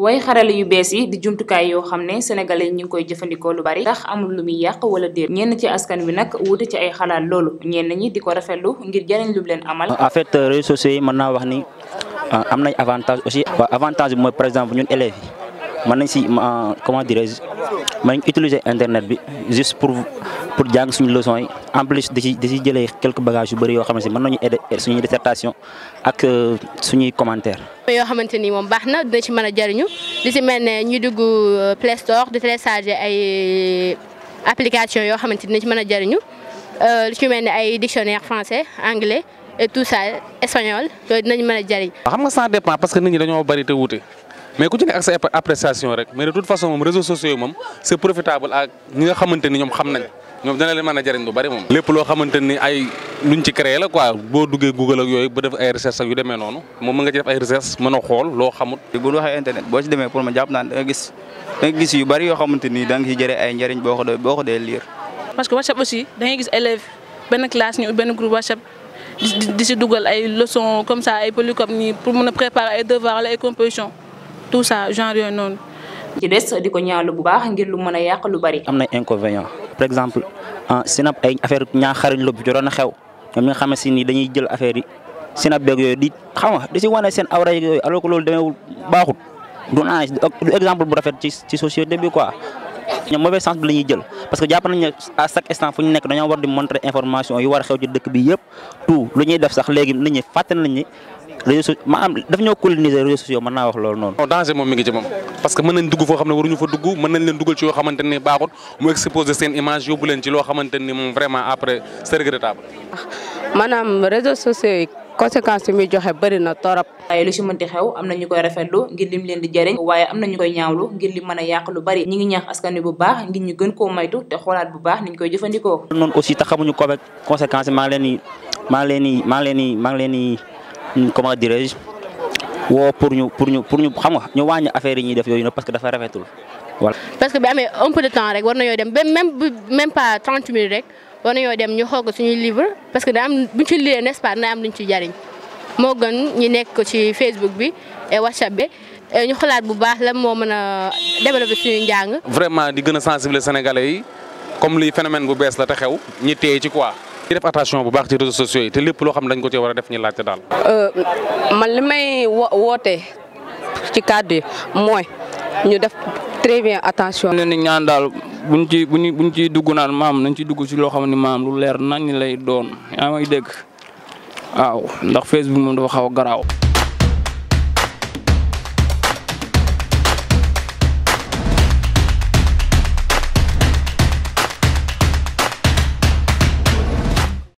way xarala yu bees yi di jumtukaay yoo xam ne sénégalais yi ñu ngi koy jëfandikoo lu bari ndax amul lu muy yàq wala déet ñenn ci askan wi nag wuute ci ay xalaat loolu ñenn ñi di ko rafetlu ngir jëriñ lu leen amal. en fait réseaux sociaux yi mën naa wax ni ah, am nañ avantage aussi. avantage bi mooy par exemple ñun élèves yi man nañ si euh, comment dirais-je mën nañ utiliser internet bi juste pour pour jàng suñu leçon yi en plus di si di si jëlee quelques bagages yu bëri yoo xamante ne mën nañu aider suñuy dissertation ak euh, suñuy commentaire yoo xamante ni moom baax na dina ci mën a jëriñu di si mel ne ñuy dugg euh, Play Store di télécharger ay application yoo xamante ni dina ci mën a jëriñu li ci mel ne ay dictionnaire français anglais et tout ça espagnol yooyu dinañ mën a jëriñ. xam nga san dépend parce que nit ñi dañoo bari te wuute. mais ku ci ne ak sa appréciation rek mais de toute façon moom réseaux sociaux yi c'est profitable ak ñi xamante ni ñoom xam nañ ñoom dina leen mën a jëriñ bu bari moom. lépp loo xamante ni ay luñ ci créé la duggee Google ak yooyu def ay recherche ak yu demee noonu moom mën nga ci ay recherche mën xool loo xamut. bu ñu waxee internet boo ci demee pour ma jàpp naa da gis da gis yu bari yoo xamante ni da gis élèves benn classe ñu benn groupe WhatsApp. tout ça genre yooyu noonu. ci des di ñaalu bu baax lu mën a yàq lu bari. am na inconvénient par exemple Sinap ay affaire ñaaxarañ lu a si ni dañuy jël affaire yi Sinap beeg yooyu di xam nga di si wane seen awra yeeg yooyu alors que loolu demeewul baaxut du du exemple bu rafet ci ci société bi quoi. ñoom mauvais sens bi la ñuy jël parce que jàpp nañ à chaque instant fu ñu nekk dañoo war di montrer information yu war a xew ci dëkk bi yëpp tout lu ñuy def sax léegi nit ñi fàtte réseaux sociaux maanaam daf ñoo coloniser réseaux sociaux mën naa wax loolu noonu. non danger moom mi ngi ci moom parce que mën nañ dugg foo xam ne waruñu fa dugg mën nañ leen dugal ci yoo xamante ne baaxut mu exposer seen image yóbbu leen ci loo xamante ni moom vraiment après c'est regrettable. Ah, maanaam sociaux yi conséquences muy joxe bëri na torop. waaye lu ci mënti xew am na ñu koy rafetlu ngir lim leen di jëriñ waaye am na ñu koy ñaawlu ngir li mën a yàq lu bari. ñi ngi ñaax askan wi bu baax ngir ñu gën koo moytu te xoolaat bu baax niñ koy jëfandikoo. noonu aussi te xamuñu ko conséquences yi maa ngi leen di maa ngi leen di leen di Hmm, comment dirais-je woo pour ñu pour ñu pour ñu xam nga ñu wàññi yi ñuy def yooyu nag parce que dafa rafetul voilà. parce que bi amee un peu de temps rek war nañoo dem ba dem ñu xool ko livre parce que daa am bu ñu ci jariñ moo gën ñu nekk ko ci Facebook bi et WhatsApp bi ñu xalaat bu baax lan moo mën a développer suñu njàng. vraiment di gën a sensibiliser sénégalais yi comme lii phénomène bu bees la te xew ñi ci quoi. di def attention bu baax ci réseaux sociaux yi te lépp loo xam dañ ko ci a def ñu laajte daal. Euh, man li may woote ci kàddu yi mooy ñu def très bien attention. leen di ñaan daal buñ ci buñ buñ ciy dugg naan maam nañ ci dugg ci loo xam ni maam lu leer nañ lay doon yaa may dégg waaw ndax Facebook moom dafa xaw a